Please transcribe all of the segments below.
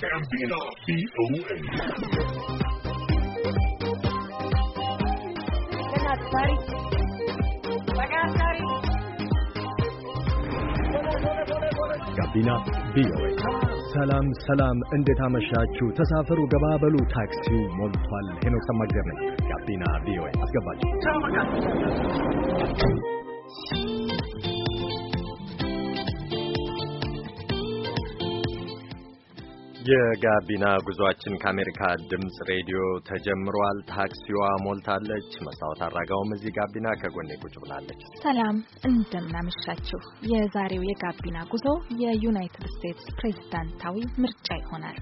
ጋቢና ቪኦኤ ጋቢና ቪኦኤ። ሰላም ሰላም፣ እንዴት አመሻችሁ? ተሳፈሩ፣ ገባበሉ፣ ታክሲው ሞልቷል። ሄኖክ ሰማእግዜር ነኝ። ጋቢና ቪኦኤ አስገባችሁ። የጋቢና ጉዟችን ከአሜሪካ ድምፅ ሬዲዮ ተጀምሯል። ታክሲዋ ሞልታለች። መስታወት አራጋውም እዚህ ጋቢና ከጎኔ ቁጭ ብላለች። ሰላም እንደምናመሻችሁ። የዛሬው የጋቢና ጉዞ የዩናይትድ ስቴትስ ፕሬዚዳንታዊ ምርጫ ይሆናል።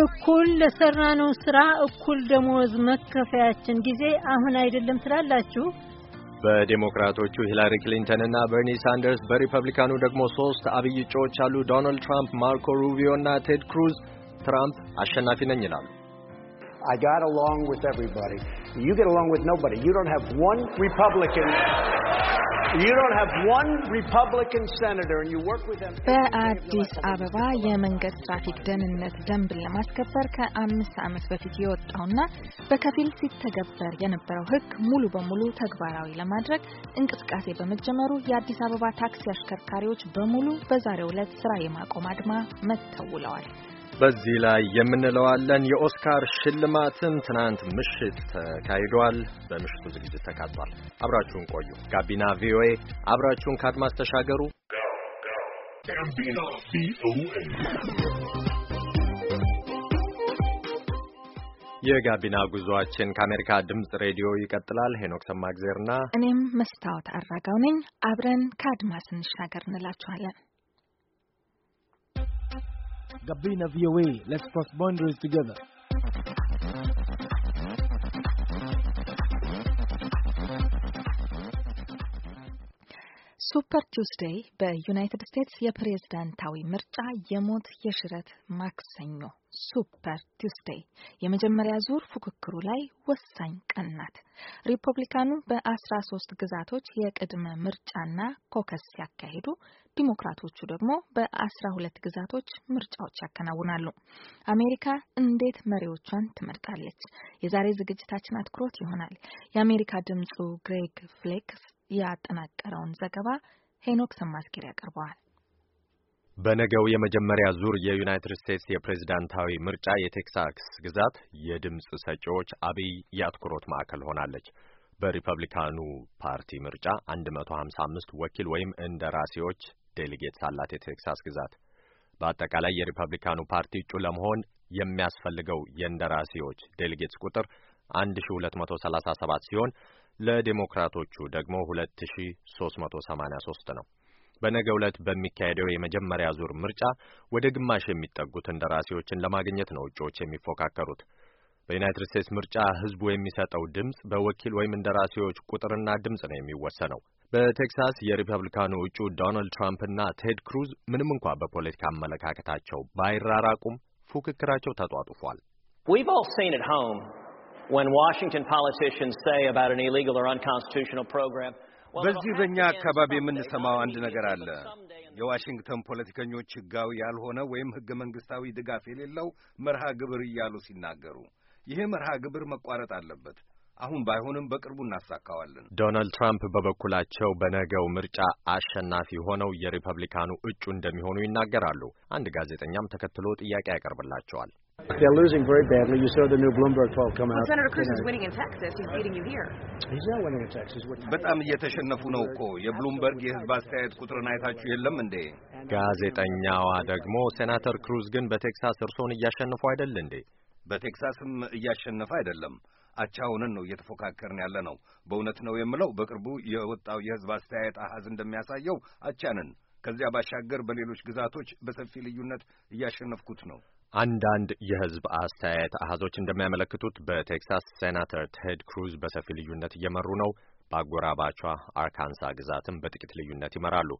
እኩል ለሰራነው ስራ እኩል ደሞዝ መከፈያችን ጊዜ አሁን አይደለም ትላላችሁ በዴሞክራቶቹ ሂላሪ ክሊንተን እና በርኒ ሳንደርስ፣ በሪፐብሊካኑ ደግሞ ሶስት አብይ እጩዎች አሉ። ዶናልድ ትራምፕ፣ ማርኮ ሩቢዮ እና ቴድ ክሩዝ። ትራምፕ አሸናፊ ነኝ ይላሉ። I got along with everybody. You get along with nobody. You don't have one Republican. You don't have one Republican senator and you work with them. በአዲስ አበባ የመንገድ ትራፊክ ደህንነት ደንብን ለማስከበር ከአምስት ዓመት በፊት የወጣውና በከፊል ሲተገበር የነበረው ሕግ ሙሉ በሙሉ ተግባራዊ ለማድረግ እንቅስቃሴ በመጀመሩ የአዲስ አበባ ታክሲ አሽከርካሪዎች በሙሉ በዛሬው ዕለት ስራ የማቆም አድማ መተውለዋል። በዚህ ላይ የምንለዋለን። የኦስካር ሽልማትም ትናንት ምሽት ተካሂዷል። በምሽቱ ዝግጅት ተካቷል። አብራችሁን ቆዩ። ጋቢና ቪኦኤ፣ አብራችሁን ከአድማስ ተሻገሩ። የጋቢና ጉዞአችን ከአሜሪካ ድምፅ ሬዲዮ ይቀጥላል። ሄኖክ ሰማግዜርና እኔም መስታወት አራጋው ነኝ። አብረን ከአድማስ እንሻገር እንላችኋለን። Gabina VOA. Let's cross boundaries together. ሱፐር ቱስዴይ በዩናይትድ ስቴትስ የፕሬዝዳንታዊ ምርጫ የሞት የሽረት ማክሰኞ ሱፐር ቱስዴይ የመጀመሪያ ዙር ፉክክሩ ላይ ወሳኝ ቀን ናት። ሪፐብሊካኑ በአስራ ሶስት ግዛቶች የቅድመ ምርጫና ኮከስ ሲያካሂዱ ዲሞክራቶቹ ደግሞ በአስራ ሁለት ግዛቶች ምርጫዎች ያከናውናሉ። አሜሪካ እንዴት መሪዎቿን ትመርጣለች? የዛሬ ዝግጅታችን አትኩሮት ይሆናል። የአሜሪካ ድምጹ ግሬግ ፍሌክስ ያጠናቀረውን ዘገባ ሄኖክ ሰማስጌር ያቀርበዋል። በነገው የመጀመሪያ ዙር የዩናይትድ ስቴትስ የፕሬዝዳንታዊ ምርጫ የቴክሳስ ግዛት የድምፅ ሰጪዎች አብይ የአትኩሮት ማዕከል ሆናለች። በሪፐብሊካኑ ፓርቲ ምርጫ 155 ወኪል ወይም እንደራሴዎች ዴሌጌትስ አላት የቴክሳስ ግዛት። በአጠቃላይ የሪፐብሊካኑ ፓርቲ እጩ ለመሆን የሚያስፈልገው የእንደራሴዎች ዴሊጌትስ ቁጥር 1237 ሲሆን ለዴሞክራቶቹ ደግሞ 2383 ነው። በነገ ዕለት በሚካሄደው የመጀመሪያ ዙር ምርጫ ወደ ግማሽ የሚጠጉት እንደራሴዎችን ለማግኘት ነው እጩዎች የሚፎካከሩት። በዩናይትድ ስቴትስ ምርጫ ህዝቡ የሚሰጠው ድምፅ በወኪል ወይም እንደራሴዎች ቁጥርና ድምፅ ነው የሚወሰነው። በቴክሳስ የሪፐብሊካኑ እጩ ዶናልድ ትራምፕና ቴድ ክሩዝ ምንም እንኳ በፖለቲካ አመለካከታቸው ባይራራቁም ፉክክራቸው ተጧጡፏል። በዚህ በእኛ አካባቢ የምንሰማው አንድ ነገር አለ። የዋሽንግተን ፖለቲከኞች ሕጋዊ ያልሆነ ወይም ሕገ መንግሥታዊ ድጋፍ የሌለው መርሃ ግብር እያሉ ሲናገሩ፣ ይሄ መርሃ ግብር መቋረጥ አለበት፣ አሁን ባይሆንም በቅርቡ እናሳካዋለን። ዶናልድ ትራምፕ በበኩላቸው በነገው ምርጫ አሸናፊ ሆነው የሪፐብሊካኑ እጩ እንደሚሆኑ ይናገራሉ። አንድ ጋዜጠኛም ተከትሎ ጥያቄ ያቀርብላቸዋል። በጣም እየተሸነፉ ነው እኮ የብሉምበርግ የህዝብ አስተያየት ቁጥርን አይታችሁ የለም እንዴ? ጋዜጠኛዋ ደግሞ ሴናተር ክሩዝ ግን በቴክሳስ እርሶን እያሸነፉ አይደል እንዴ? በቴክሳስም እያሸነፈ አይደለም አቻውንን ነው እየተፎካከርን ያለ ነው። በእውነት ነው የምለው በቅርቡ የወጣው የህዝብ አስተያየት አሃዝ እንደሚያሳየው አቻንን። ከዚያ ባሻገር በሌሎች ግዛቶች በሰፊ ልዩነት እያሸነፍኩት ነው። አንዳንድ የህዝብ አስተያየት አሃዞች እንደሚያመለክቱት በቴክሳስ ሴናተር ቴድ ክሩዝ በሰፊ ልዩነት እየመሩ ነው። በአጎራባቿ አርካንሳ ግዛትም በጥቂት ልዩነት ይመራሉ።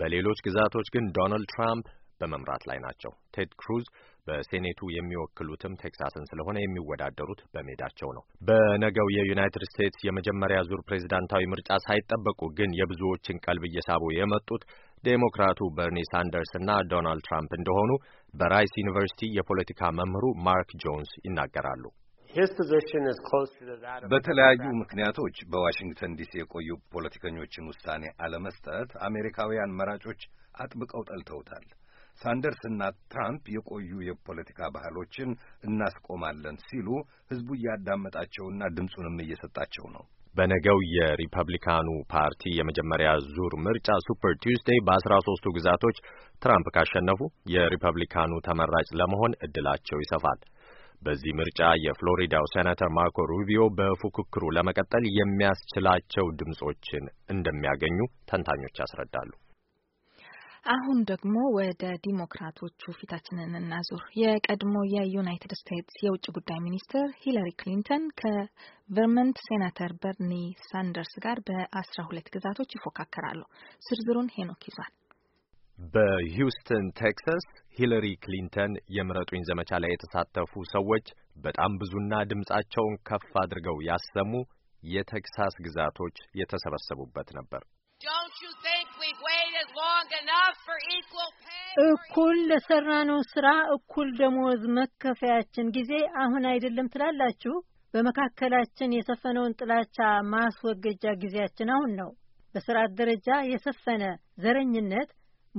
በሌሎች ግዛቶች ግን ዶናልድ ትራምፕ በመምራት ላይ ናቸው። ቴድ ክሩዝ በሴኔቱ የሚወክሉትም ቴክሳስን ስለሆነ የሚወዳደሩት በሜዳቸው ነው። በነገው የዩናይትድ ስቴትስ የመጀመሪያ ዙር ፕሬዝዳንታዊ ምርጫ ሳይጠበቁ ግን የብዙዎችን ቀልብ እየሳቡ የመጡት ዴሞክራቱ በርኒ ሳንደርስ እና ዶናልድ ትራምፕ እንደሆኑ በራይስ ዩኒቨርሲቲ የፖለቲካ መምህሩ ማርክ ጆንስ ይናገራሉ። በተለያዩ ምክንያቶች በዋሽንግተን ዲሲ የቆዩ ፖለቲከኞችን ውሳኔ አለመስጠት አሜሪካውያን መራጮች አጥብቀው ጠልተውታል። ሳንደርስና ትራምፕ የቆዩ የፖለቲካ ባህሎችን እናስቆማለን ሲሉ ህዝቡ እያዳመጣቸውና ድምፁንም እየሰጣቸው ነው። በነገው የሪፐብሊካኑ ፓርቲ የመጀመሪያ ዙር ምርጫ ሱፐር ቲውስዴይ በአስራ ሶስቱ ግዛቶች ትራምፕ ካሸነፉ የሪፐብሊካኑ ተመራጭ ለመሆን እድላቸው ይሰፋል። በዚህ ምርጫ የፍሎሪዳው ሴናተር ማርኮ ሩቢዮ በፉክክሩ ለመቀጠል የሚያስችላቸው ድምጾችን እንደሚያገኙ ተንታኞች ያስረዳሉ። አሁን ደግሞ ወደ ዲሞክራቶቹ ፊታችንን እናዙር። የቀድሞ የዩናይትድ ስቴትስ የውጭ ጉዳይ ሚኒስትር ሂላሪ ክሊንተን ከቨርመንት ሴናተር በርኒ ሳንደርስ ጋር በአስራ ሁለት ግዛቶች ይፎካከራሉ። ዝርዝሩን ሄኖክ ይዟል። በሂውስተን ቴክሳስ ሂለሪ ክሊንተን የምረጡኝ ዘመቻ ላይ የተሳተፉ ሰዎች በጣም ብዙና ድምጻቸውን ከፍ አድርገው ያሰሙ የቴክሳስ ግዛቶች የተሰበሰቡበት ነበር። እኩል ለሰራነው ስራ እኩል ደሞዝ መከፈያችን ጊዜ አሁን አይደለም ትላላችሁ? በመካከላችን የሰፈነውን ጥላቻ ማስወገጃ ጊዜያችን አሁን ነው። በስርዓት ደረጃ የሰፈነ ዘረኝነት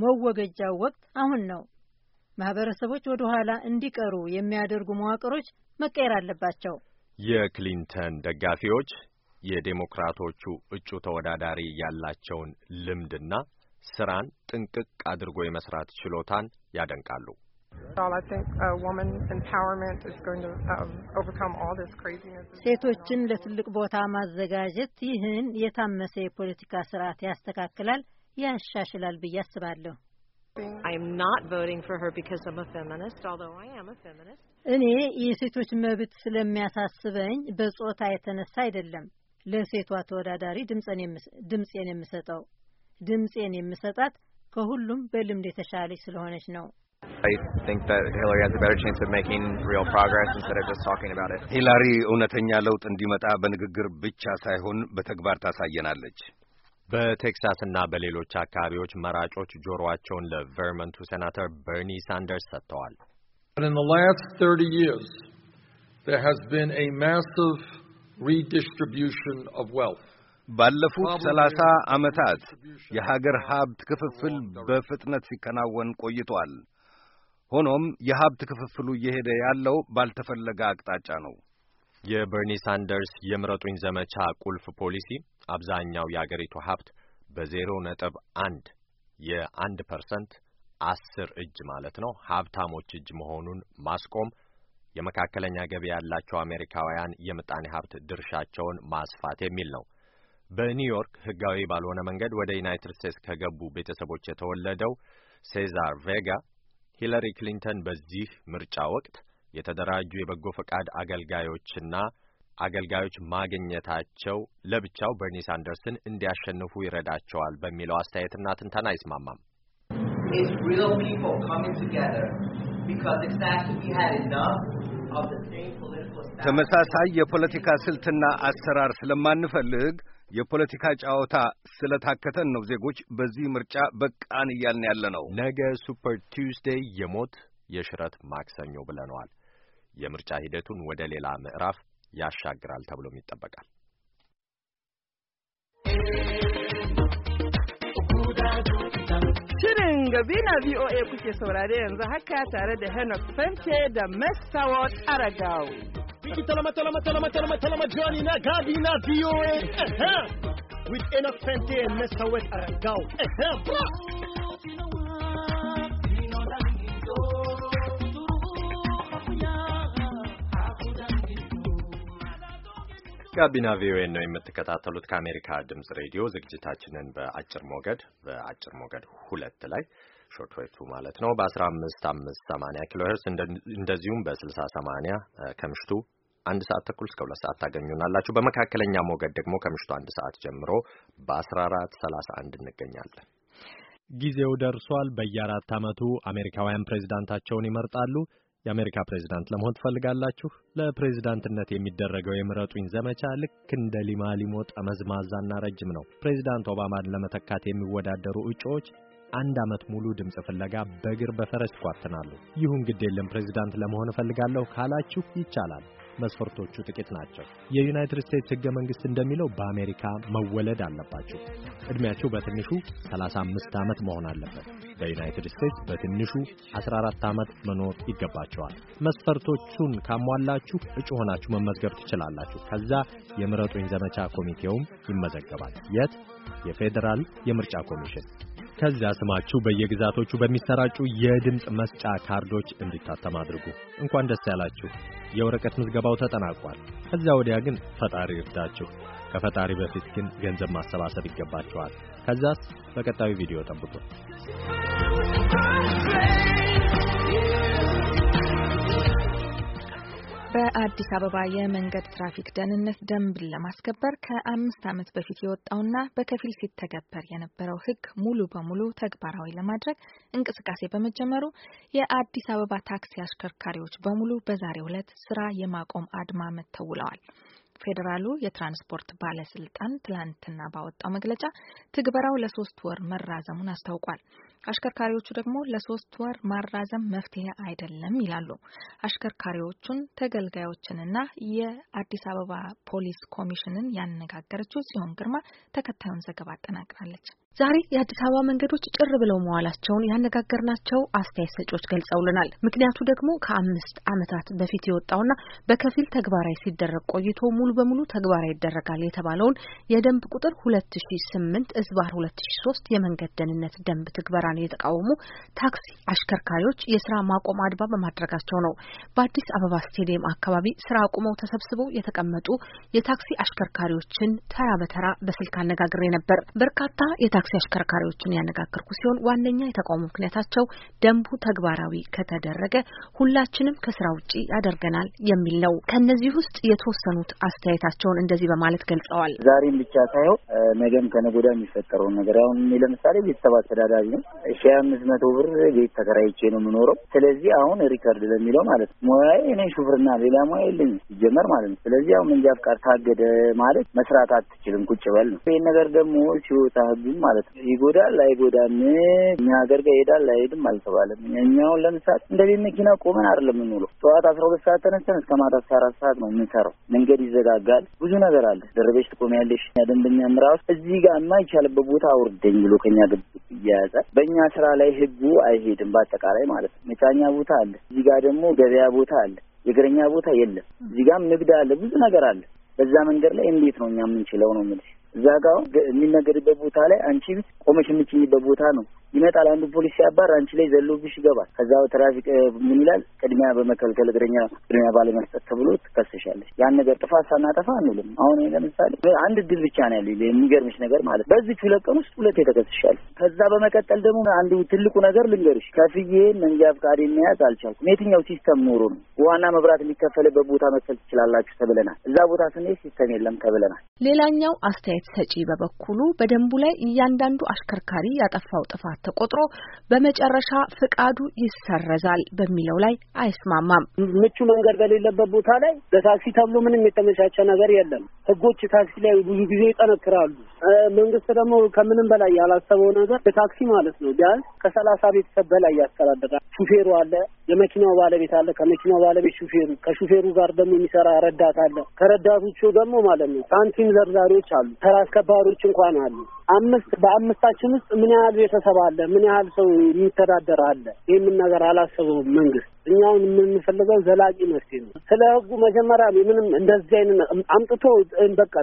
መወገጃው ወቅት አሁን ነው። ማህበረሰቦች ወደ ኋላ እንዲቀሩ የሚያደርጉ መዋቅሮች መቀየር አለባቸው። የክሊንተን ደጋፊዎች የዴሞክራቶቹ እጩ ተወዳዳሪ ያላቸውን ልምድና ስራን ጥንቅቅ አድርጎ የመስራት ችሎታን ያደንቃሉ። um, ሴቶችን ለትልቅ ቦታ ማዘጋጀት ይህን የታመሰ የፖለቲካ ስርዓት ያስተካክላል፣ ያሻሽላል ብዬ አስባለሁ። እኔ የሴቶች መብት ስለሚያሳስበኝ በጾታ የተነሳ አይደለም። ለሴቷ ተወዳዳሪ ድምፄን የምሰጠው ድምፄን የምሰጣት ከሁሉም በልምድ የተሻለች ስለሆነች ነው። ሂላሪ እውነተኛ ለውጥ እንዲመጣ በንግግር ብቻ ሳይሆን በተግባር ታሳየናለች። በቴክሳስና በሌሎች አካባቢዎች መራጮች ጆሮአቸውን ለቨርመንቱ ሴናተር በርኒ ሳንደርስ ሰጥተዋል። In the last 30 years, there has been a massive ባለፉት ሰላሳ ዓመታት የሀገር ሀብት ክፍፍል በፍጥነት ሲከናወን ቆይቷል። ሆኖም የሀብት ክፍፍሉ እየሄደ ያለው ባልተፈለገ አቅጣጫ ነው። የበርኒ ሳንደርስ የምረጡኝ ዘመቻ ቁልፍ ፖሊሲ አብዛኛው የአገሪቱ ሀብት በዜሮ ነጥብ አንድ የአንድ ፐርሰንት አስር እጅ ማለት ነው ሀብታሞች እጅ መሆኑን ማስቆም የመካከለኛ ገቢ ያላቸው አሜሪካውያን የምጣኔ ሀብት ድርሻቸውን ማስፋት የሚል ነው። በኒውዮርክ ህጋዊ ባልሆነ መንገድ ወደ ዩናይትድ ስቴትስ ከገቡ ቤተሰቦች የተወለደው ሴዛር ቬጋ ሂለሪ ክሊንተን በዚህ ምርጫ ወቅት የተደራጁ የበጎ ፈቃድ አገልጋዮችና አገልጋዮች ማግኘታቸው ለብቻው በርኒ ሳንደርስን እንዲያሸንፉ ይረዳቸዋል በሚለው አስተያየትና ትንተና አይስማማም። It's real people coming together because we had enough ተመሳሳይ የፖለቲካ ስልትና አሰራር ስለማንፈልግ የፖለቲካ ጨዋታ ስለታከተን ነው ዜጎች በዚህ ምርጫ በቃን እያልን ያለ ነው። ነገ ሱፐር ቱስዴይ የሞት የሽረት ማክሰኞ ብለነዋል። የምርጫ ሂደቱን ወደ ሌላ ምዕራፍ ያሻግራል ተብሎም ይጠበቃል። Shirin Gabina VOA kuke saurare yanzu haka tare da Henok Fente da Mestaward Aragawi. Wiki talama talama talama talama talama Johnny na Gabina VOA. With Henok Fente and Mestaward Aragawi. ጋቢና ቪኦኤ ነው የምትከታተሉት። ከአሜሪካ ድምጽ ሬዲዮ ዝግጅታችንን በአጭር ሞገድ በአጭር ሞገድ ሁለት ላይ ሾርት ዌቭ ማለት ነው በ15580 ኪሎ ሄርስ እንደዚሁም በ6080 ከምሽቱ አንድ ሰዓት ተኩል እስከ ሁለት ሰዓት ታገኙናላችሁ። በመካከለኛ ሞገድ ደግሞ ከምሽቱ አንድ ሰዓት ጀምሮ በ1431 እንገኛለን። ጊዜው ደርሷል። በየአራት ዓመቱ አሜሪካውያን ፕሬዚዳንታቸውን ይመርጣሉ። የአሜሪካ ፕሬዝዳንት ለመሆን ትፈልጋላችሁ? ለፕሬዝዳንትነት የሚደረገው የምረጡኝ ዘመቻ ልክ እንደ ሊማ ሊሞ ጠመዝማዛና ረጅም ነው። ፕሬዝዳንት ኦባማን ለመተካት የሚወዳደሩ እጩዎች አንድ ዓመት ሙሉ ድምፅ ፍለጋ በእግር በፈረስ ይኳትናሉ። ይሁን ግድ የለም ፕሬዝዳንት ለመሆን እፈልጋለሁ ካላችሁ ይቻላል። መስፈርቶቹ ጥቂት ናቸው። የዩናይትድ ስቴትስ ሕገ መንግሥት እንደሚለው በአሜሪካ መወለድ አለባችሁ። ዕድሜያችሁ በትንሹ 35 ዓመት መሆን አለበት። በዩናይትድ ስቴትስ በትንሹ 14 ዓመት መኖር ይገባቸዋል። መስፈርቶቹን ካሟላችሁ እጩ ሆናችሁ መመዝገብ ትችላላችሁ። ከዛ የምረጡኝ ዘመቻ ኮሚቴውም ይመዘገባል። የት? የፌዴራል የምርጫ ኮሚሽን ከዚያ ስማችሁ በየግዛቶቹ በሚሰራጩ የድምፅ መስጫ ካርዶች እንዲታተም አድርጉ። እንኳን ደስ ያላችሁ። የወረቀት ምዝገባው ተጠናቋል። ከዚያ ወዲያ ግን ፈጣሪ ይርዳችሁ። ከፈጣሪ በፊት ግን ገንዘብ ማሰባሰብ ይገባችኋል። ከዛስ በቀጣዩ ቪዲዮ ጠብቁ። በአዲስ አበባ የመንገድ ትራፊክ ደህንነት ደንብን ለማስከበር ከአምስት ዓመት በፊት የወጣውና በከፊል ሲተገበር የነበረው ሕግ ሙሉ በሙሉ ተግባራዊ ለማድረግ እንቅስቃሴ በመጀመሩ የአዲስ አበባ ታክሲ አሽከርካሪዎች በሙሉ በዛሬው ዕለት ስራ የማቆም አድማ መተው ውለዋል። ፌዴራሉ የትራንስፖርት ባለስልጣን ትላንትና ባወጣው መግለጫ ትግበራው ለሶስት ወር መራዘሙን አስታውቋል። አሽከርካሪዎቹ ደግሞ ለሶስት ወር ማራዘም መፍትሄ አይደለም ይላሉ። አሽከርካሪዎቹን፣ ተገልጋዮችንና የአዲስ አበባ ፖሊስ ኮሚሽንን ያነጋገረችው ሲሆን ግርማ ተከታዩን ዘገባ አጠናቅራለች። ዛሬ የአዲስ አበባ መንገዶች ጭር ብለው መዋላቸውን ያነጋገርናቸው አስተያየት ሰጮች ገልጸውልናል። ምክንያቱ ደግሞ ከአምስት ዓመታት በፊት የወጣውና በከፊል ተግባራዊ ሲደረግ ቆይቶ ሙሉ በሙሉ ተግባራዊ ይደረጋል የተባለውን የደንብ ቁጥር ሁለት ሺ ስምንት እዝባር ሁለት ሺ ሶስት የመንገድ ደህንነት ደንብ ትግበራል ስራን የተቃወሙ ታክሲ አሽከርካሪዎች የስራ ማቆም አድማ በማድረጋቸው ነው። በአዲስ አበባ ስቴዲየም አካባቢ ስራ አቁመው ተሰብስበው የተቀመጡ የታክሲ አሽከርካሪዎችን ተራ በተራ በስልክ አነጋግሬ ነበር። በርካታ የታክሲ አሽከርካሪዎችን ያነጋገርኩ ሲሆን ዋነኛ የተቃውሞ ምክንያታቸው ደንቡ ተግባራዊ ከተደረገ ሁላችንም ከስራ ውጪ ያደርገናል የሚል ነው። ከእነዚህ ውስጥ የተወሰኑት አስተያየታቸውን እንደዚህ በማለት ገልጸዋል። ዛሬም ብቻ ሳይሆን ነገም ከነገ ወዲያ የሚፈጠረውን ነገር አሁን ለምሳሌ ቤተሰብ አስተዳዳሪ ነው ሺ አምስት መቶ ብር ቤት ተከራይቼ ነው የምኖረው። ስለዚህ አሁን ሪከርድ ለሚለው ማለት ነው ሙያዬ እኔ ሹፍርና ሌላ ሙያ የለኝ ሲጀመር ማለት ነው። ስለዚህ አሁን መንጃ ፍቃድ ታገደ ማለት መስራት አትችልም፣ ቁጭ በል ነው። ይህን ነገር ደግሞ ሲወጣ ህግም ማለት ነው ይጎዳል አይጎዳም፣ የሚያገር ሀገር ጋር ይሄዳል አይሄድም አልተባለም። እኛውን ለምሳሌ እንደ ቤት መኪና ቆመን አይደለም የምንውለው። ጠዋት አስራ ሁለት ሰዓት ተነስተን እስከ ማታ አስራ አራት ሰዓት ነው የምንሰራው። መንገድ ይዘጋጋል፣ ብዙ ነገር አለ። ደረበች ትቆሚያለሽ። ደንበኛ ውስጥ እዚህ ጋር ማ የማይቻልበት ቦታ አውርደኝ ብሎ ከኛ ግብ እያያዛል መጫኛ ስራ ላይ ህጉ አይሄድም በአጠቃላይ ማለት ነው። መጫኛ ቦታ አለ፣ እዚህ ጋር ደግሞ ገበያ ቦታ አለ፣ የእግረኛ ቦታ የለም። እዚህ ጋም ንግድ አለ፣ ብዙ ነገር አለ። በዛ መንገድ ላይ እንዴት ነው እኛ የምንችለው ነው የምልሽ። እዛ ጋ የሚነገድበት ቦታ ላይ አንቺ ቆመሽ የምችኝበት ቦታ ነው ይመጣል። አንዱ ፖሊስ ሲያባር አንቺ ላይ ዘሎብሽ ይገባል። ከዛ ትራፊክ ምን ይላል? ቅድሚያ በመከልከል እግረኛ ቅድሚያ ባለመስጠት ተብሎ ትከሰሻለች። ያን ነገር ጥፋት ሳናጠፋ አንውልም። አሁን ለምሳሌ አንድ እድል ብቻ ነው ያለ የሚገርምሽ ነገር ማለት በዚች ሁለት ቀን ውስጥ ሁለቴ ተከስሻለሁ። ከዛ በመቀጠል ደግሞ አንዱ ትልቁ ነገር ልንገርሽ፣ ከፍዬ መንጃ ፍቃድ የሚያዝ አልቻልኩም። የትኛው ሲስተም ኖሮ ነው? ዋና መብራት የሚከፈልበት ቦታ መክፈል ትችላላችሁ ተብለናል። እዛ ቦታ ስንሄድ ሲስተም የለም ተብለናል። ሌላኛው አስተያየት ሰጪ በበኩሉ በደንቡ ላይ እያንዳንዱ አሽከርካሪ ያጠፋው ጥፋት ቀናት ተቆጥሮ በመጨረሻ ፍቃዱ ይሰረዛል በሚለው ላይ አይስማማም። ምቹ መንገድ በሌለበት ቦታ ላይ ለታክሲ ተብሎ ምንም የተመቻቸ ነገር የለም። ህጎች ታክሲ ላይ ብዙ ጊዜ ይጠነክራሉ። መንግስት ደግሞ ከምንም በላይ ያላሰበው ነገር ለታክሲ ማለት ነው ቢያንስ ከሰላሳ ቤተሰብ በላይ ያስተዳድራል። ሹፌሩ አለ የመኪናው ባለቤት አለ፣ ከመኪናው ባለቤት ሹፌሩ፣ ከሹፌሩ ጋር ደግሞ የሚሰራ ረዳት አለ። ከረዳቶቹ ደግሞ ማለት ነው ሳንቲም ዘርዛሪዎች አሉ፣ ተራ አስከባሪዎች እንኳን አሉ። አምስት በአምስታችን ውስጥ ምን ያህል ቤተሰብ አለ? ምን ያህል ሰው የሚተዳደር አለ? ይህምን ነገር አላሰበውም መንግስት። እኛውን የምንፈልገው ዘላቂ መፍትሄ ነው። ስለ ህጉ መጀመሪያ ምንም እንደዚህ አይነት አምጥቶ በቃ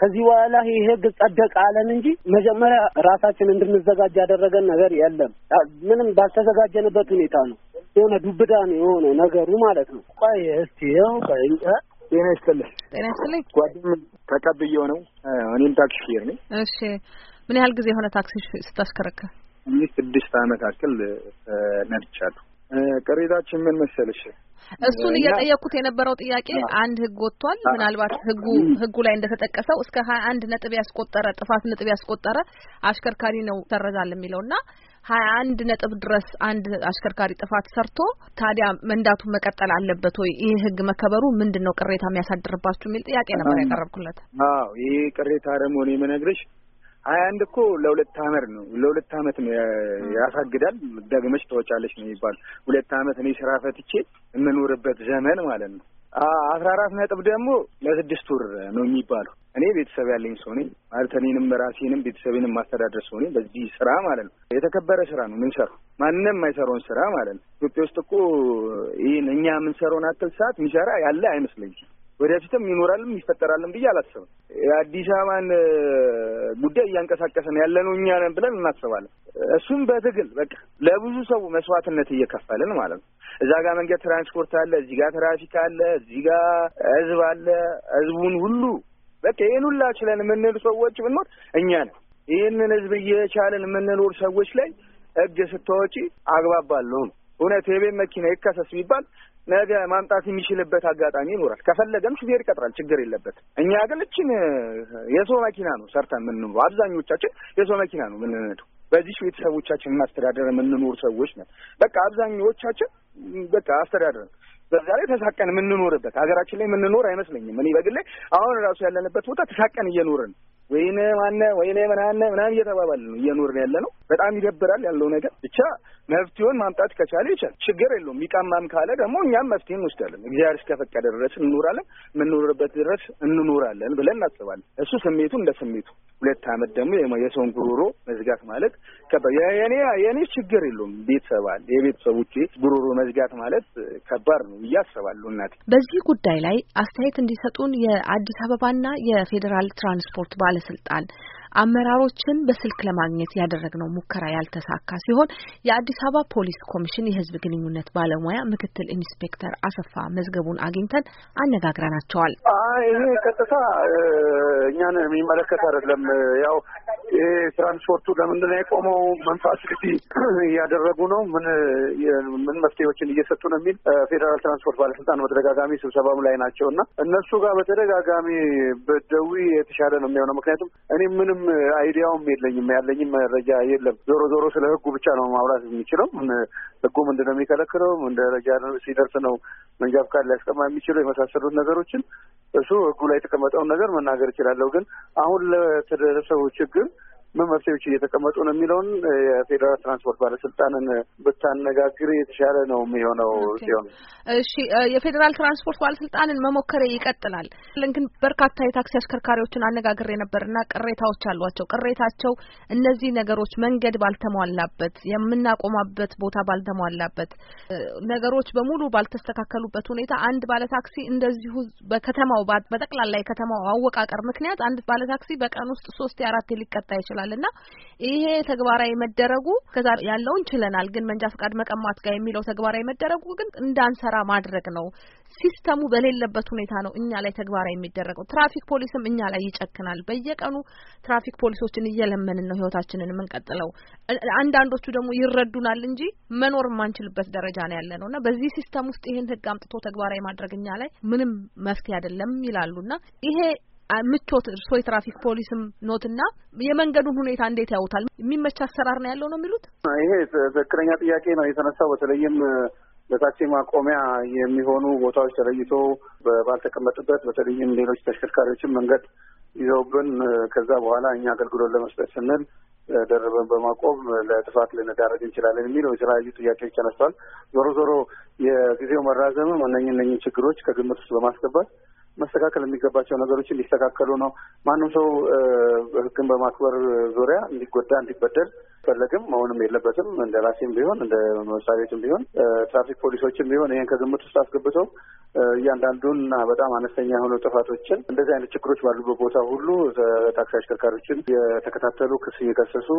ከዚህ በኋላ ይህ ህግ ጸደቀ አለን እንጂ መጀመሪያ ራሳችን እንድንዘጋጅ ያደረገን ነገር የለም። ምንም ባልተዘጋጀንበት ሁኔታ ነው የሆነ ዱብዳ ነው የሆነ ነገሩ ማለት ነው። ቆይ እስቲ ው ጤና ይስጥልኝ። ጤና ይስጥልኝ። ጓደኛዬ ተቀብዬው ነው። እኔም ታክሲ ሹፌር ነኝ። እሺ፣ ምን ያህል ጊዜ የሆነ ታክሲ ስታሽከረከር? እኔ ስድስት አመት አክል ነድቻለሁ። ቅሬታችን ምን መሰልሽ፣ እሱን እየጠየቅኩት የነበረው ጥያቄ አንድ ህግ ወጥቷል። ምናልባት ህጉ ህጉ ላይ እንደተጠቀሰው እስከ ሀያ አንድ ነጥብ ያስቆጠረ ጥፋት ነጥብ ያስቆጠረ አሽከርካሪ ነው ይሰረዛል የሚለውና ሀያ አንድ ነጥብ ድረስ አንድ አሽከርካሪ ጥፋት ሰርቶ ታዲያ መንዳቱን መቀጠል አለበት ወይ? ይህ ህግ መከበሩ ምንድን ነው ቅሬታ የሚያሳድርባችሁ የሚል ጥያቄ ነበር ያቀረብኩለት። አዎ ይህ ቅሬታ ደግሞ እኔ የምነግርሽ ሀያ አንድ እኮ ለሁለት አመት ነው ለሁለት አመት ነው ያሳግዳል። ደግመሽ ተወጫለሽ ነው የሚባል ሁለት አመት እኔ ስራ ፈትቼ የምኖርበት ዘመን ማለት ነው። አስራ አራት ነጥብ ደግሞ ለስድስት ወር ነው የሚባለው። እኔ ቤተሰብ ያለኝ ሰው ነኝ ማለት እኔንም ራሴንም ቤተሰቤንም ማስተዳደር ሰው ነኝ። በዚህ ስራ ማለት ነው የተከበረ ስራ ነው የምንሰራው፣ ማንም የማይሰራውን ስራ ማለት ነው። ኢትዮጵያ ውስጥ እኮ ይህን እኛ የምንሰራውን አክል ሰዓት የሚሰራ ያለ አይመስለኝም። ወደፊትም ይኖራልም ይፈጠራልም ብዬ አላስብም። የአዲስ አበባን ጉዳይ ያለ ነው እኛ ነን ብለን እናስባለን። እሱም በትግል በቃ ለብዙ ሰው መስዋዕትነት እየከፈልን ማለት ነው። እዛ ጋር መንገድ ትራንስፖርት አለ፣ እዚህ ጋር ትራፊክ አለ፣ እዚህ ጋር ህዝብ አለ። ህዝቡን ሁሉ በቃ ይህን ሁላ ችለን የምንል ሰዎች ብንኖር እኛ ነን። ይህንን ህዝብ እየቻለን የምንኖር ሰዎች ላይ ህግ ስታወጪ አግባብ ነው እውነት የቤት መኪና ይከሰስ ቢባል ነገ ማምጣት የሚችልበት አጋጣሚ ይኖራል። ከፈለገም ሹፌር ይቀጥራል፣ ችግር የለበት። እኛ ግን እችን የሰው መኪና ነው ሰርተን የምንኖረው። አብዛኞቻችን የሰው መኪና ነው የምንነደው። በዚህ ቤተሰቦቻችን ማስተዳደር የምንኖር ሰዎች ነን። በቃ አብዛኛዎቻችን በቃ አስተዳደር በዛ ላይ ተሳቀን የምንኖርበት ሀገራችን ላይ የምንኖር አይመስለኝም። እኔ በግሌ አሁን ራሱ ያለንበት ቦታ ተሳቀን እየኖርን ወይኔ ማነ ወይኔ ምናነ ምናም እየተባባል ነው እየኖርን ያለ ነው። በጣም ይደብራል ያለው ነገር። ብቻ መፍትሄውን ማምጣት ከቻለ ይቻል ችግር የለውም። ይቀማም ካለ ደግሞ እኛም መፍትሄ እንወስዳለን። እግዚአብሔር እስከፈቀደ ድረስ እንኖራለን፣ የምንኖርበት ድረስ እንኖራለን ብለን እናስባለን። እሱ ስሜቱ እንደ ስሜቱ። ሁለት አመት ደግሞ የሰውን ጉሮሮ መዝጋት ማለት ከባድ የኔ የኔ ችግር የለውም ቤተሰባል አለ ጉሮሮ መዝጋት ማለት ከባድ ነው እያስባሉ አስባለሁ። በዚህ ጉዳይ ላይ አስተያየት እንዲሰጡን የአዲስ አበባና የፌዴራል ትራንስፖርት ባ ባለስልጣን አመራሮችን በስልክ ለማግኘት ያደረግነው ሙከራ ያልተሳካ ሲሆን የአዲስ አበባ ፖሊስ ኮሚሽን የህዝብ ግንኙነት ባለሙያ ምክትል ኢንስፔክተር አሰፋ መዝገቡን አግኝተን አነጋግረናቸዋል። ይሄ ቀጥታ እኛን የሚመለከት አይደለም። ያው ይሄ ትራንስፖርቱ ለምንድን ነው የቆመው? ምን ፋሲሊቲ እያደረጉ ነው? ምን ምን መፍትሄዎችን እየሰጡ ነው የሚል ፌዴራል ትራንስፖርት ባለስልጣን በተደጋጋሚ ስብሰባም ላይ ናቸው እና እነሱ ጋር በተደጋጋሚ በደዊ የተሻለ ነው የሚሆነው ምክንያቱም እኔ ምንም አይዲያውም የለኝም፣ ያለኝም መረጃ የለም። ዞሮ ዞሮ ስለ ህጉ ብቻ ነው ማውራት የሚችለው። ህጉ ምንድን ነው የሚከለክለው፣ ምን ደረጃ ሲደርስ ነው መንጃ ፍቃድ ሊያስቀማ የሚችለው፣ የመሳሰሉት ነገሮችን እሱ ህጉ ላይ የተቀመጠውን ነገር መናገር እችላለሁ። ግን አሁን ለተደረሰው ችግር ምን መፍትሄዎች እየተቀመጡ ነው የሚለውን የፌዴራል ትራንስፖርት ባለስልጣንን ብታነጋግር የተሻለ ነው የሚሆነው ሲሆን እሺ፣ የፌዴራል ትራንስፖርት ባለስልጣንን መሞከሬ ይቀጥላል። ግን በርካታ የታክሲ አሽከርካሪዎችን አነጋግሬ ነበርና ቅሬታዎች አሏቸው። ቅሬታቸው እነዚህ ነገሮች መንገድ ባልተሟላበት፣ የምናቆማበት ቦታ ባልተሟላበት፣ ነገሮች በሙሉ ባልተስተካከሉበት ሁኔታ አንድ ባለታክሲ እንደዚሁ በከተማው በጠቅላላ የከተማው አወቃቀር ምክንያት አንድ ባለታክሲ በቀን ውስጥ ሶስት አራት ሊቀጣ ይችላል። ይችላል እና ይሄ ተግባራዊ መደረጉ ከዛ ያለውን ችለናል፣ ግን መንጃ ፈቃድ መቀማት ጋር የሚለው ተግባራዊ መደረጉ ግን እንዳንሰራ ማድረግ ነው። ሲስተሙ በሌለበት ሁኔታ ነው እኛ ላይ ተግባራዊ የሚደረገው። ትራፊክ ፖሊስም እኛ ላይ ይጨክናል። በየቀኑ ትራፊክ ፖሊሶችን እየለመንን ነው ህይወታችንን የምንቀጥለው። አንዳንዶቹ ደግሞ ይረዱናል እንጂ መኖር የማንችልበት ደረጃ ነው ያለ ነው እና በዚህ ሲስተም ውስጥ ይህን ህግ አምጥቶ ተግባራዊ ማድረግ እኛ ላይ ምንም መፍትሄ አይደለም ይላሉና ይሄ ምቾት እርሶ የትራፊክ ፖሊስም ኖትና የመንገዱን ሁኔታ እንዴት ያውታል? የሚመች አሰራር ነው ያለው ነው የሚሉት? ይሄ ትክክለኛ ጥያቄ ነው የተነሳው። በተለይም በታክሲ ማቆሚያ የሚሆኑ ቦታዎች ተለይቶ ባልተቀመጡበት በተለይም ሌሎች ተሽከርካሪዎችም መንገድ ይዘውብን ከዛ በኋላ እኛ አገልግሎት ለመስጠት ስንል ደርበን በማቆም ለጥፋት ልንዳረግ እንችላለን የሚል የተለያዩ ጥያቄዎች ተነስተዋል። ዞሮ ዞሮ የጊዜው መራዘምም እነኝ እነኝህ ችግሮች ከግምት ውስጥ በማስገባት መስተካከል የሚገባቸው ነገሮች እንዲስተካከሉ ነው። ማንም ሰው ህግን በማክበር ዙሪያ እንዲጎዳ እንዲበደል ፈለግም መሆንም የለበትም። እንደ ራሴም ቢሆን እንደ መስሪያ ቤትም ቢሆን ትራፊክ ፖሊሶችም ቢሆን ይህን ከግምት ውስጥ አስገብተው እያንዳንዱና በጣም አነስተኛ የሆኑ ጥፋቶችን እንደዚህ አይነት ችግሮች ባሉበት ቦታ ሁሉ ታክሲ አሽከርካሪዎችን የተከታተሉ ክስ እየከሰሱ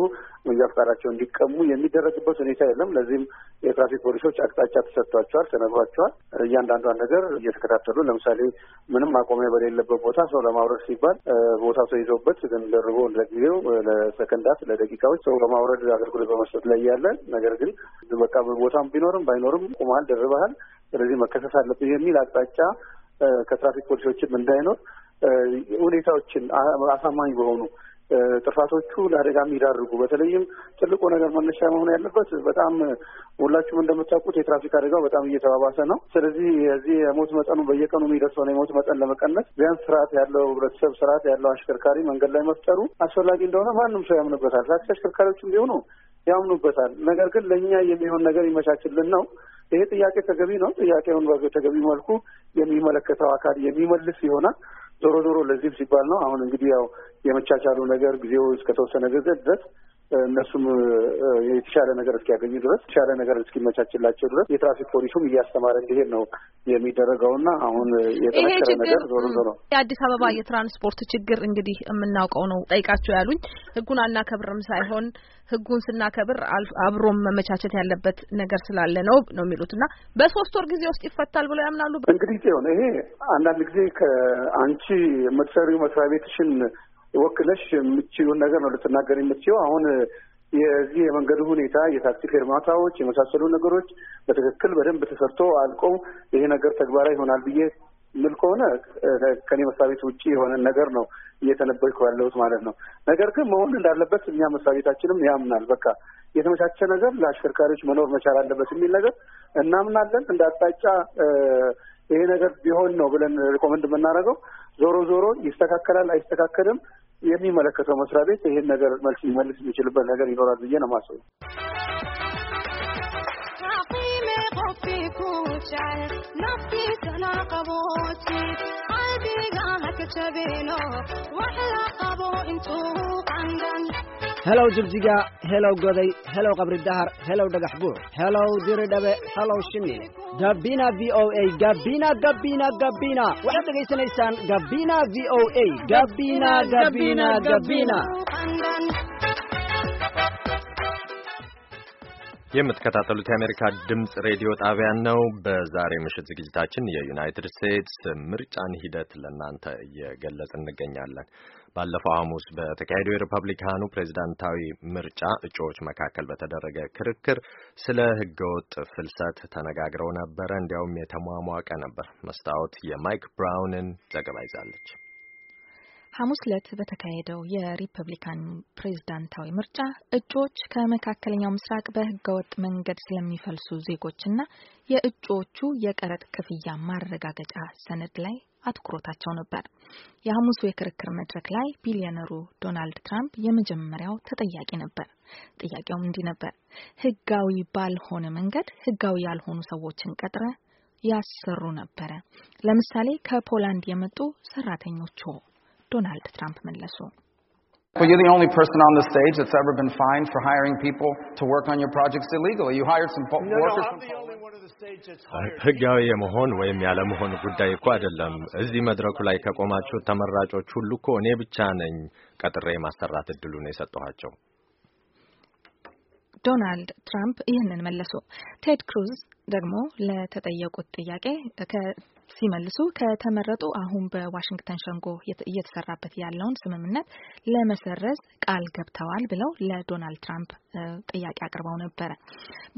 መንጃ ፈቃዳቸው እንዲቀሙ የሚደረግበት ሁኔታ የለም። ለዚህም የትራፊክ ፖሊሶች አቅጣጫ ተሰጥቷቸዋል፣ ተነግሯቸዋል። እያንዳንዷን ነገር እየተከታተሉ ለምሳሌ ምንም ማቆሚያ በሌለበት ቦታ ሰው ለማውረድ ሲባል ቦታው ተይዞበት ግን ደርቦ ለጊዜው ለሰከንዳት ለደቂቃዎች ሰው ለማውረድ ወረድ አገልግሎት በመስጠት ላይ ያለ ነገር ግን በቃ ቦታም ቢኖርም ባይኖርም ቁመሃል፣ ደርበሃል፣ ስለዚህ መከሰስ አለብህ የሚል አቅጣጫ ከትራፊክ ፖሊሶችም እንዳይኖር ሁኔታዎችን አሳማኝ በሆኑ ጥፋቶቹ ለአደጋ የሚዳርጉ በተለይም ትልቁ ነገር መነሻ መሆን ያለበት በጣም ሁላችሁም እንደምታውቁት የትራፊክ አደጋው በጣም እየተባባሰ ነው። ስለዚህ የዚህ የሞት መጠኑ በየቀኑ የሚደርሰውን የሞት መጠን ለመቀነስ ቢያንስ ስርዓት ያለው ህብረተሰብ፣ ስርዓት ያለው አሽከርካሪ መንገድ ላይ መፍጠሩ አስፈላጊ እንደሆነ ማንም ሰው ያምንበታል። ታክሲ አሽከርካሪዎችም ቢሆኑ ያምኑበታል። ነገር ግን ለእኛ የሚሆን ነገር ይመቻችልን ነው። ይሄ ጥያቄ ተገቢ ነው። ጥያቄውን በተገቢ መልኩ የሚመለከተው አካል የሚመልስ ይሆናል። ዞሮ ዞሮ ለዚህም ሲባል ነው። አሁን እንግዲህ ያው የመቻቻሉ ነገር ጊዜው እስከተወሰነ ጊዜ ድረስ እነሱም የተሻለ ነገር እስኪያገኙ ድረስ የተሻለ ነገር እስኪመቻችላቸው ድረስ የትራፊክ ፖሊሱም እያስተማረ እንዲሄድ ነው የሚደረገውና አሁን የጠነከረ ነገር ዞሮ ዞሮ የአዲስ አበባ የትራንስፖርት ችግር እንግዲህ የምናውቀው ነው። ጠይቃቸው ያሉኝ ህጉን አናከብርም ሳይሆን ህጉን ስናከብር አብሮም መመቻቸት ያለበት ነገር ስላለ ነው ነው የሚሉት እና በሶስት ወር ጊዜ ውስጥ ይፈታል ብለው ያምናሉ። እንግዲህ ሆነ ይሄ አንዳንድ ጊዜ ከአንቺ የምትሰሪው መስሪያ ቤትሽን ወክለሽ የምችሉን ነገር ነው ልትናገር የምችው። አሁን የዚህ የመንገዱ ሁኔታ፣ የታክሲ ፌርማታዎች የመሳሰሉ ነገሮች በትክክል በደንብ ተሰርቶ አልቆ ይሄ ነገር ተግባራዊ ይሆናል ብዬ ምል ከሆነ ከኔ መስሪያ ቤት ውጭ የሆነ ነገር ነው እየተነበይኩ ያለሁት ማለት ነው። ነገር ግን መሆን እንዳለበት እኛ መስሪያ ቤታችንም ያምናል። በቃ የተመቻቸ ነገር ለአሽከርካሪዎች መኖር መቻል አለበት የሚል ነገር እናምናለን። እንደ አቅጣጫ ይሄ ነገር ቢሆን ነው ብለን ሪኮመንድ የምናደርገው ዞሮ ዞሮ ይስተካከላል አይስተካከልም የሚመለከተው መስሪያ ቤት ይህን ነገር መልስ ሊመልስ የሚችልበት ነገር ይኖራል ብዬ ነው የማስበው። i helow jigjiga helow goday helow qabri dahar helow dhagax buur helow diri dhabe helow shimiine gabina v o a gabina gabina gabina waxaad dhegaysanaysaan gabina v o a gabina gabina gabina የምትከታተሉት የአሜሪካ ድምፅ ሬዲዮ ጣቢያን ነው። በዛሬ ምሽት ዝግጅታችን የዩናይትድ ስቴትስ ምርጫን ሂደት ለእናንተ እየገለጽ እንገኛለን። ባለፈው ሐሙስ በተካሄደው የሪፐብሊካኑ ፕሬዚዳንታዊ ምርጫ እጩዎች መካከል በተደረገ ክርክር ስለ ህገወጥ ፍልሰት ተነጋግረው ነበረ። እንዲያውም የተሟሟቀ ነበር። መስታወት የማይክ ብራውንን ዘገባ ይዛለች። ሐሙስ ዕለት በተካሄደው የሪፐብሊካን ፕሬዝዳንታዊ ምርጫ እጩዎች ከመካከለኛው ምስራቅ በህገወጥ መንገድ ስለሚፈልሱ ዜጎችና የእጩዎቹ የቀረጥ ክፍያ ማረጋገጫ ሰነድ ላይ አትኩሮታቸው ነበር። የሐሙሱ የክርክር መድረክ ላይ ቢሊዮነሩ ዶናልድ ትራምፕ የመጀመሪያው ተጠያቂ ነበር። ጥያቄውም እንዲህ ነበር፣ ህጋዊ ባልሆነ መንገድ ህጋዊ ያልሆኑ ሰዎችን ቀጥረ ያሰሩ ነበረ። ለምሳሌ ከፖላንድ የመጡ ሰራተኞቹ። ዶናልድ ትራምፕ መለሱ። Well, you're the only person on the stage that's ever been fined for hiring people to work on your projects illegally. You hired some no, workers no, from Poland. ህጋዊ የመሆን ወይም ያለመሆን ጉዳይ እኮ አይደለም። እዚህ መድረኩ ላይ ከቆማችሁ ተመራጮች ሁሉ እኮ እኔ ብቻ ነኝ ቀጥሬ የማሰራት እድሉ ነው የሰጠኋቸው። ዶናልድ ትራምፕ ይህንን መለሱ። ቴድ ክሩዝ ደግሞ ለተጠየቁት ጥያቄ ሲመልሱ ከተመረጡ አሁን በዋሽንግተን ሸንጎ እየተሰራበት ያለውን ስምምነት ለመሰረዝ ቃል ገብተዋል ብለው ለዶናልድ ትራምፕ ጥያቄ አቅርበው ነበረ።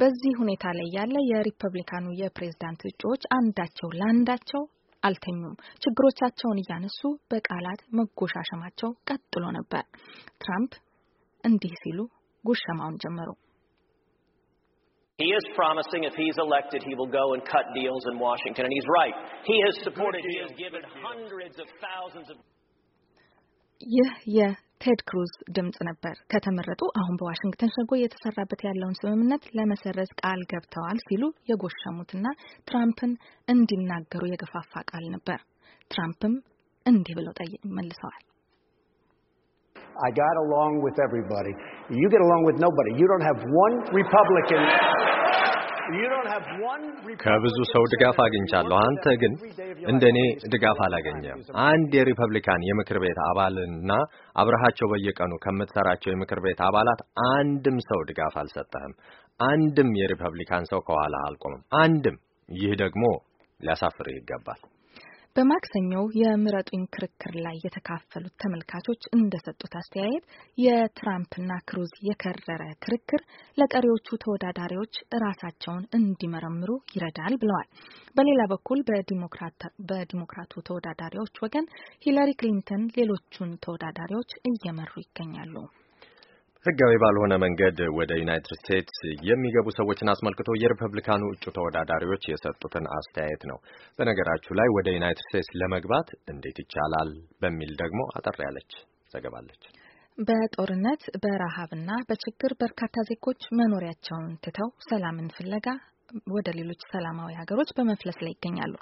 በዚህ ሁኔታ ላይ ያለ የሪፐብሊካኑ የፕሬዝዳንት እጩዎች አንዳቸው ለአንዳቸው አልተኙም። ችግሮቻቸውን እያነሱ በቃላት መጎሻሸማቸው ቀጥሎ ነበር። ትራምፕ እንዲህ ሲሉ ጉሸማውን ጀመሩ። He is promising if he's elected, he will go and cut deals in Washington. And he's right. He has supported, he has given hundreds of thousands of. ይህ የቴድ ክሩዝ ድምጽ ነበር። ከተመረጡ አሁን በዋሽንግተን ሸጎ እየተሰራበት ያለውን ስምምነት ለመሰረዝ ቃል ገብተዋል ሲሉ የጎሸሙትና ትራምፕን እንዲናገሩ የገፋፋ ቃል ነበር። ትራምፕም እንዲህ ብለው መልሰዋል። I got along with everybody. You get along with nobody. You don't have one Republican ከብዙ ሰው ድጋፍ አግኝቻለሁ። አንተ ግን እንደኔ ድጋፍ አላገኘም። አንድ የሪፐብሊካን የምክር ቤት አባልና አብረሃቸው በየቀኑ ከምትሰራቸው የምክር ቤት አባላት አንድም ሰው ድጋፍ አልሰጠህም። አንድም የሪፐብሊካን ሰው ከኋላ አልቆምም። አንድም። ይህ ደግሞ ሊያሳፍርህ ይገባል። በማክሰኞው የምረጡኝ ክርክር ላይ የተካፈሉት ተመልካቾች እንደሰጡት አስተያየት የትራምፕና ክሩዝ የከረረ ክርክር ለቀሪዎቹ ተወዳዳሪዎች ራሳቸውን እንዲመረምሩ ይረዳል ብለዋል። በሌላ በኩል በዲሞክራቱ ተወዳዳሪዎች ወገን ሂለሪ ክሊንተን ሌሎቹን ተወዳዳሪዎች እየመሩ ይገኛሉ። ህጋዊ ባልሆነ መንገድ ወደ ዩናይትድ ስቴትስ የሚገቡ ሰዎችን አስመልክቶ የሪፐብሊካኑ እጩ ተወዳዳሪዎች የሰጡትን አስተያየት ነው። በነገራችሁ ላይ ወደ ዩናይትድ ስቴትስ ለመግባት እንዴት ይቻላል በሚል ደግሞ አጠር ያለች ዘገባለች። በጦርነት በረሃብና በችግር በርካታ ዜጎች መኖሪያቸውን ትተው ሰላምን ፍለጋ ወደ ሌሎች ሰላማዊ ሀገሮች በመፍለስ ላይ ይገኛሉ።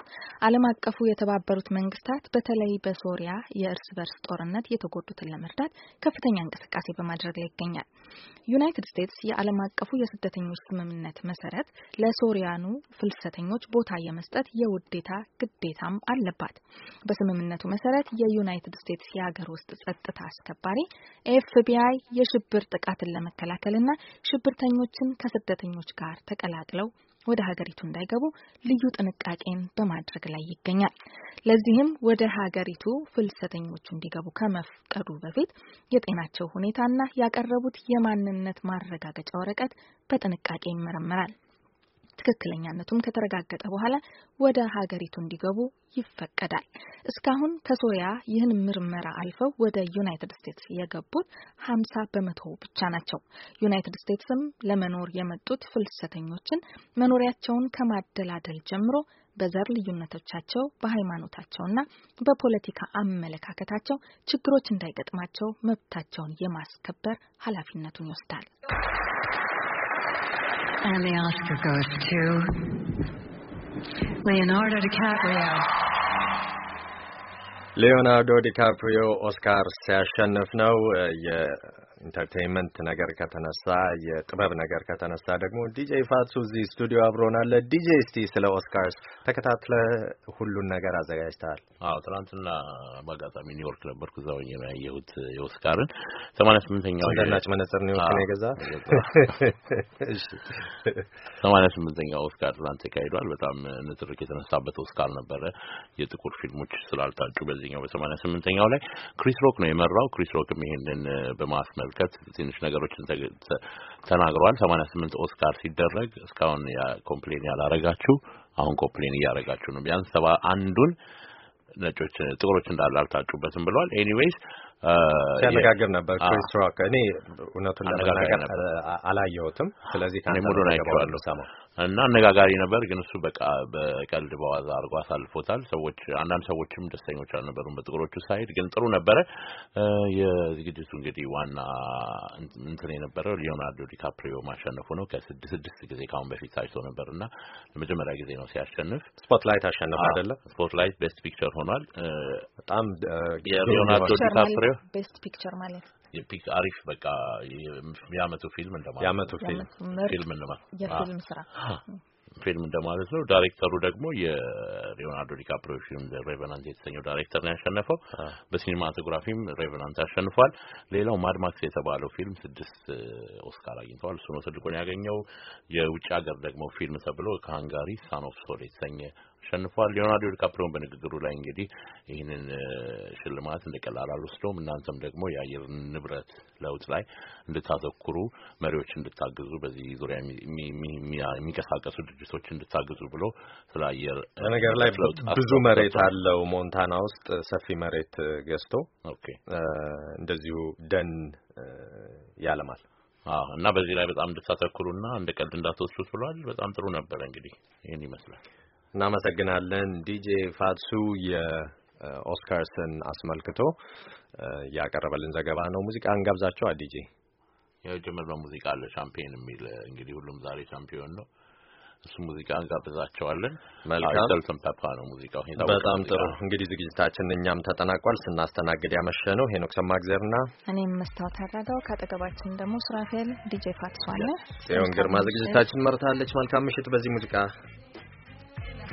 ዓለም አቀፉ የተባበሩት መንግስታት በተለይ በሶሪያ የእርስ በርስ ጦርነት የተጎዱትን ለመርዳት ከፍተኛ እንቅስቃሴ በማድረግ ላይ ይገኛል። ዩናይትድ ስቴትስ የዓለም አቀፉ የስደተኞች ስምምነት መሰረት ለሶሪያኑ ፍልሰተኞች ቦታ የመስጠት የውዴታ ግዴታም አለባት። በስምምነቱ መሰረት የዩናይትድ ስቴትስ የሀገር ውስጥ ጸጥታ አስከባሪ ኤፍቢአይ የሽብር ጥቃትን ለመከላከልና ሽብርተኞችን ከስደተኞች ጋር ተቀላቅለው ወደ ሀገሪቱ እንዳይገቡ ልዩ ጥንቃቄን በማድረግ ላይ ይገኛል። ለዚህም ወደ ሀገሪቱ ፍልሰተኞቹ እንዲገቡ ከመፍቀዱ በፊት የጤናቸው ሁኔታና ያቀረቡት የማንነት ማረጋገጫ ወረቀት በጥንቃቄ ይመረመራል። ትክክለኛነቱም ከተረጋገጠ በኋላ ወደ ሀገሪቱ እንዲገቡ ይፈቀዳል። እስካሁን ከሶሪያ ይህን ምርመራ አልፈው ወደ ዩናይትድ ስቴትስ የገቡት ሀምሳ በመቶ ብቻ ናቸው። ዩናይትድ ስቴትስም ለመኖር የመጡት ፍልሰተኞችን መኖሪያቸውን ከማደላደል ጀምሮ በዘር ልዩነቶቻቸው በሃይማኖታቸውና በፖለቲካ አመለካከታቸው ችግሮች እንዳይገጥማቸው መብታቸውን የማስከበር ኃላፊነቱን ይወስዳል። And the Oscar goes to Leonardo DiCaprio. ሊዮናርዶ ዲካፕሪዮ ኦስካር ሲያሸንፍ ነው። ኢንተርቴይንመንት ነገር ከተነሳ የጥበብ ነገር ከተነሳ ደግሞ ዲጄ ፋቱ እዚህ ስቱዲዮ አብሮናል። ዲጄ እስቲ ስለ ኦስካርስ ተከታትለ ሁሉን ነገር አዘጋጅተሃል? አዎ፣ ትናንትና በአጋጣሚ ኒውዮርክ ነበርኩ። እዛ የሚያየሁት ያየሁት የኦስካርን ሰማንያ ስምንተኛው ደናጭ መነጽር ኒውዮርክ ነው የገዛ ሰማንያ ስምንተኛው ኦስካር ትናንት ተካሂዷል። በጣም ንትርክ የተነሳበት ኦስካር ነበረ። የጥቁር ፊልሞች ስላልታጩ በዚህኛው በሰማንያ ስምንተኛው ላይ ክሪስ ሮክ ነው የመራው። ክሪስ ሮክም ይሄንን በማስመር በመመልከት ትንሽ ነገሮችን ተናግሯል። 88 ኦስካር ሲደረግ እስካሁን ኮምፕሌን ያላረጋችሁ አሁን ኮምፕሌን እያረጋችሁ ነው። ቢያንስ ሰባ አንዱን ነጮች ጥቁሮች እንዳላልታጩበትም ብለዋል። ኤኒዌይስ Uh, ሲያነጋግር ነበር ክሪስ ሮክ። እኔ እውነቱን ለመናገር አላየሁትም። ስለዚህ ከአንተ ሙሉ ናይቸዋለሁ እና አነጋጋሪ ነበር፣ ግን እሱ በቃ በቀልድ በዋዛ አድርጎ አሳልፎታል። ሰዎች አንዳንድ ሰዎችም ደስተኞች አልነበሩም በጥቁሮቹ ሳይድ፣ ግን ጥሩ ነበረ። የዝግጅቱ እንግዲህ ዋና እንትን የነበረው ሊዮናርዶ ዲካፕሪዮ ማሸነፉ ነው። ከስድስት ስድስት ጊዜ ከአሁን በፊት ታይቶ ነበር እና ለመጀመሪያ ጊዜ ነው ሲያሸንፍ። ስፖትላይት አሸነፍ አይደለም ስፖትላይት ቤስት ፒክቸር ሆኗል። በጣም የሊዮናርዶ ዲካፕሪዮ ነው ቤስት ፒክቸር ማለት የፒክ አሪፍ በቃ የአመቱ ፊልም እንደማለት የአመቱ ፊልም ፊልም እንደማለት የፊልም ስራ ፊልም እንደማለት ነው። ዳይሬክተሩ ደግሞ የሊዮናርዶ ዲካፕሪዮ ፊልም ዘ ሬቨናንት የተሰኘው ዳይሬክተር ነው ያሸነፈው። በሲኒማቶግራፊም ሬቨናንት አሸንፏል። ሌላው ማድማክስ የተባለው ፊልም ስድስት ኦስካር አግኝተዋል። እሱ ነው ትልቁን ያገኘው። የውጭ ሀገር ደግሞ ፊልም ተብሎ ከሃንጋሪ ሳን ኦፍ ሶል የተሰኘ አሸንፏል። ሊዮናርዶ ዲካፕሪዮን በንግግሩ ላይ እንግዲህ ይህንን ሽልማት እንደ ቀላል አልወስደውም፣ እናንተም ደግሞ የአየር ንብረት ለውጥ ላይ እንድታተኩሩ መሪዎች እንድታግዙ፣ በዚህ ዙሪያ የሚንቀሳቀሱ ድርጅቶች እንድታግዙ ብሎ ስለ አየር ነገር ላይ ብዙ መሬት አለው። ሞንታና ውስጥ ሰፊ መሬት ገዝቶ እንደዚሁ ደን ያለማል እና በዚህ ላይ በጣም እንድታተኩሩና እንደ ቀልድ እንዳትወስዱት ብሏል። በጣም ጥሩ ነበረ። እንግዲህ ይህን ይመስላል። እናመሰግናለን ዲጄ ፋትሱ የኦስካርስን አስመልክቶ ያቀረበልን ዘገባ ነው። ሙዚቃ እንጋብዛቸው። ዲጄ ያው ጀመር በሙዚቃ አለ ሻምፒዮን የሚል እንግዲህ ሁሉም ዛሬ ሻምፒዮን ነው። እሱ ሙዚቃ እንጋብዛቸዋለን። መልካም ሰልፍን ፐፓ ነው ሙዚቃው። በጣም ጥሩ እንግዲህ ዝግጅታችን እኛም ተጠናቋል። ስናስተናግድ ያመሸ ነው ሄኖክ ሰማእግዜርና እኔም መስታወት አድራጋው ከአጠገባችን ደግሞ ሱራፌል ዲጄ ፋትሱ አለ። ጽዮን ግርማ ዝግጅታችን መርታለች። መልካም ምሽት በዚህ ሙዚቃ